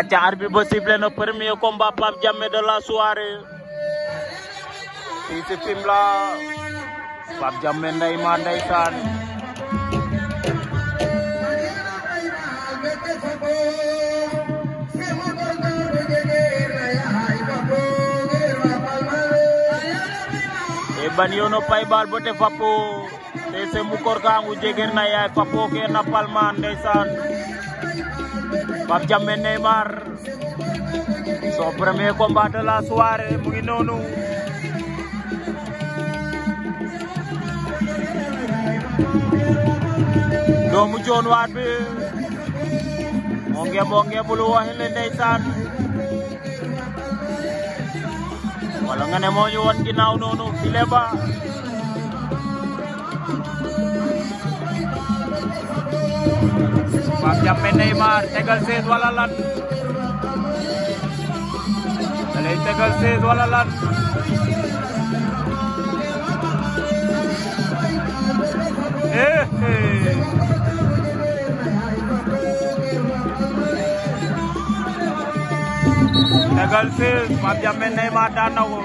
aca arbitre ba sifflé na premier combat Pape Diamé de la soirée fii si Fimela Pape ndey ma ndeysaan baniono paybal bote fappo ndeyse mukor kangu jeger na yaay fappo ke na palma ndeysan Pape Diame Neymar son premier combat de la soirée mu ngi noonu doomu joon waat bi moo nge moo nge bulu waxin le ndeysaan wala nga ne moo ñu woon ginnaaw noonu Fileba Pape Diame Neymar tegal sees wala lan da lay tegal sees wala lan eh, eh. tegal fii Pape Diame Neymar daan na ko